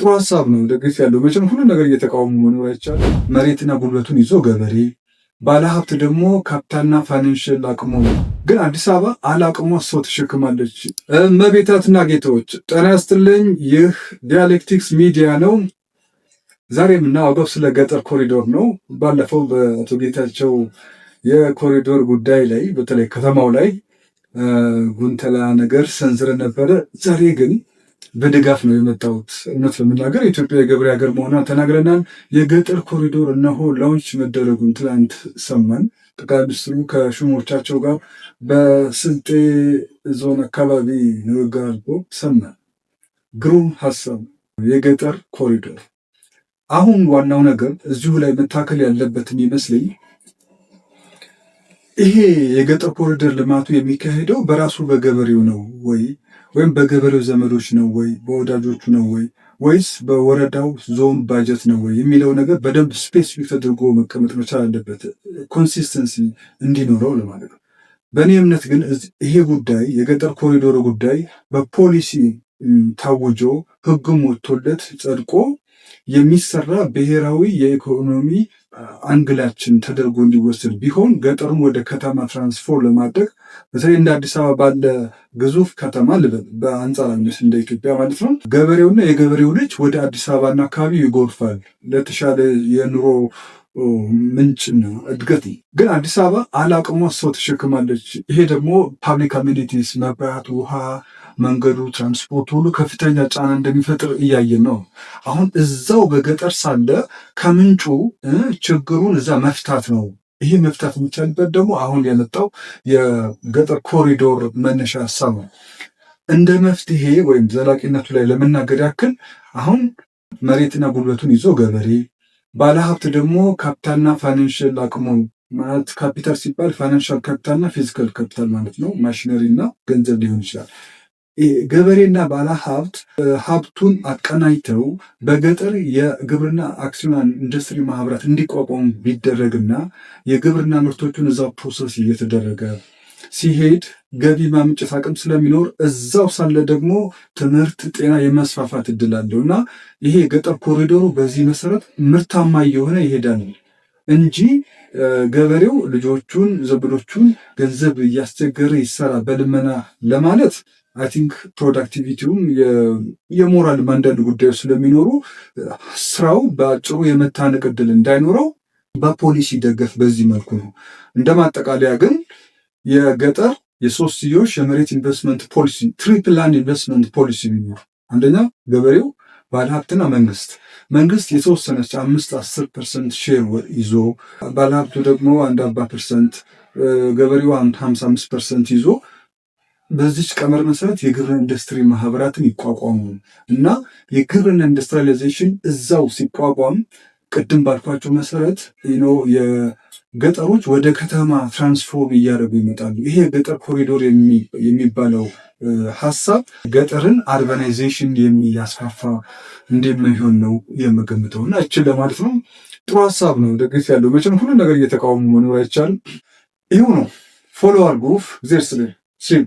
ጥሩ ሀሳብ ነው፣ ደግፍ ያለው መቼም ሁሉ ነገር እየተቃወሙ መኖር አይቻልም። መሬትና ጉልበቱን ይዞ ገበሬ ባለሀብት ደግሞ ካፒታልና ፋይናንሽል አቅሙ ነው። ግን አዲስ አበባ አላቅሟ ሰው ተሸክማለች። እመቤታትና ጌታዎች ጤና ያስጥልኝ። ይህ ዲያሌክቲክስ ሚዲያ ነው። ዛሬ የምናወጋው ስለ ገጠር ኮሪዶር ነው። ባለፈው በአቶ ጌታቸው የኮሪዶር ጉዳይ ላይ በተለይ ከተማው ላይ ጉንተላ ነገር ሰንዝረ ነበረ። ዛሬ ግን በድጋፍ ነው የመጣሁት። እውነት ለመናገር የኢትዮጵያ የገበሬ ሀገር መሆኗ ተናግረናል። የገጠር ኮሪዶር እነሆ ላውንች መደረጉን ትላንት ሰማን። ጠቅላይ ሚኒስትሩ ከሹሞቻቸው ጋር በስልጤ ዞን አካባቢ ንግግር አድርጎ ሰማን። ግሩም ሀሳብ የገጠር ኮሪዶር። አሁን ዋናው ነገር እዚሁ ላይ መታከል ያለበት የሚመስለኝ ይሄ የገጠር ኮሪደር ልማቱ የሚካሄደው በራሱ በገበሬው ነው ወይ ወይም በገበሬው ዘመዶች ነው ወይ በወዳጆቹ ነው ወይ ወይስ በወረዳው ዞን ባጀት ነው ወይ የሚለው ነገር በደንብ ስፔሲፊክ ተደርጎ መቀመጥ መቻል አለበት፣ ኮንሲስተንሲ እንዲኖረው ለማለት ነው። በእኔ እምነት ግን ይሄ ጉዳይ የገጠር ኮሪዶር ጉዳይ በፖሊሲ ታውጆ ህግም ወጥቶለት ጸድቆ የሚሰራ ብሔራዊ የኢኮኖሚ አንግላችን ተደርጎ እንዲወሰድ ቢሆን ገጠሩን ወደ ከተማ ትራንስፎር ለማድረግ በተለይ እንደ አዲስ አበባ ባለ ግዙፍ ከተማ ልበል በአንጻራዊነት እንደ ኢትዮጵያ ማለት ነው፣ ገበሬውና የገበሬው ልጅ ወደ አዲስ አበባና አካባቢ ይጎርፋል ለተሻለ የኑሮ ምንጭና እድገት ግን አዲስ አበባ አላቅሟ ሰው ተሸክማለች። ይሄ ደግሞ ፓብሊክ አሜኒቲስ መብራት፣ ውሃ መንገዱ፣ ትራንስፖርት ሁሉ ከፍተኛ ጫና እንደሚፈጥር እያየን ነው። አሁን እዛው በገጠር ሳለ ከምንጩ ችግሩን እዛ መፍታት ነው። ይሄ መፍታት የሚቻልበት ደግሞ አሁን የመጣው የገጠር ኮሪዶር መነሻ ሀሳብ ነው። እንደ መፍትሄ ወይም ዘላቂነቱ ላይ ለመናገር ያክል አሁን መሬትና ጉልበቱን ይዞ ገበሬ ባለሀብት ደግሞ ካፒታልና ፋይናንሽል አቅሙ ማለት ካፒታል ሲባል ፋይናንሻል ካፒታልና ፊዚካል ካፒታል ማለት ነው። እና ገንዘብ ሊሆን ይችላል። ገበሬና ባለ ሀብት ሀብቱን አቀናጅተው በገጠር የግብርና አክሲዮን ኢንዱስትሪ ማህበራት እንዲቋቋሙ ቢደረግና የግብርና ምርቶቹን እዛው ፕሮሰስ እየተደረገ ሲሄድ ገቢ ማምጨት አቅም ስለሚኖር እዛው ሳለ ደግሞ ትምህርት፣ ጤና የመስፋፋት እድል አለው እና ይሄ የገጠር ኮሪደሩ በዚህ መሰረት ምርታማ እየሆነ ይሄዳል እንጂ ገበሬው ልጆቹን ዘብዶቹን ገንዘብ እያስቸገረ ይሰራ በልመና ለማለት አይ ቲንክ ፕሮዳክቲቪቲውም የሞራል አንዳንድ ጉዳዮች ስለሚኖሩ ስራው በአጭሩ የመታነቅ ዕድል እንዳይኖረው በፖሊሲ ደገፍ በዚህ መልኩ ነው። እንደ ማጠቃለያ ግን የገጠር የሶስትዮሽ የመሬት ኢንቨስትመንት ፖሊሲ ትሪፕል ላንድ ኢንቨስትመንት ፖሊሲ ቢኖር አንደኛ ገበሬው ባለሀብትና መንግስት መንግስት የተወሰነች አምስት አስር ፐርሰንት ሼር ይዞ ባለሀብቱ ደግሞ አንድ አርባ ፐርሰንት ገበሬው አንድ ሀምሳ አምስት ፐርሰንት ይዞ በዚች ቀመር መሰረት የግብርና ኢንዱስትሪ ማህበራትን ይቋቋሙ እና የግብርና ኢንዱስትሪላይዜሽን እዛው ሲቋቋም ቅድም ባልኳቸው መሰረት የገጠሮች ወደ ከተማ ትራንስፎርም እያደረጉ ይመጣሉ። ይሄ የገጠር ኮሪዶር የሚባለው ሀሳብ ገጠርን አርባናይዜሽን የሚያስፋፋ እንደሚሆን ነው የምገምተው እና እችን ለማለት ነው። ጥሩ ሀሳብ ነው፣ ደግፍ ያለው መቼም ሁሉ ነገር እየተቃወሙ መኖር አይቻልም። ይሁ ነው። ፎሎ አርጉፍ ዜርስልን ሲም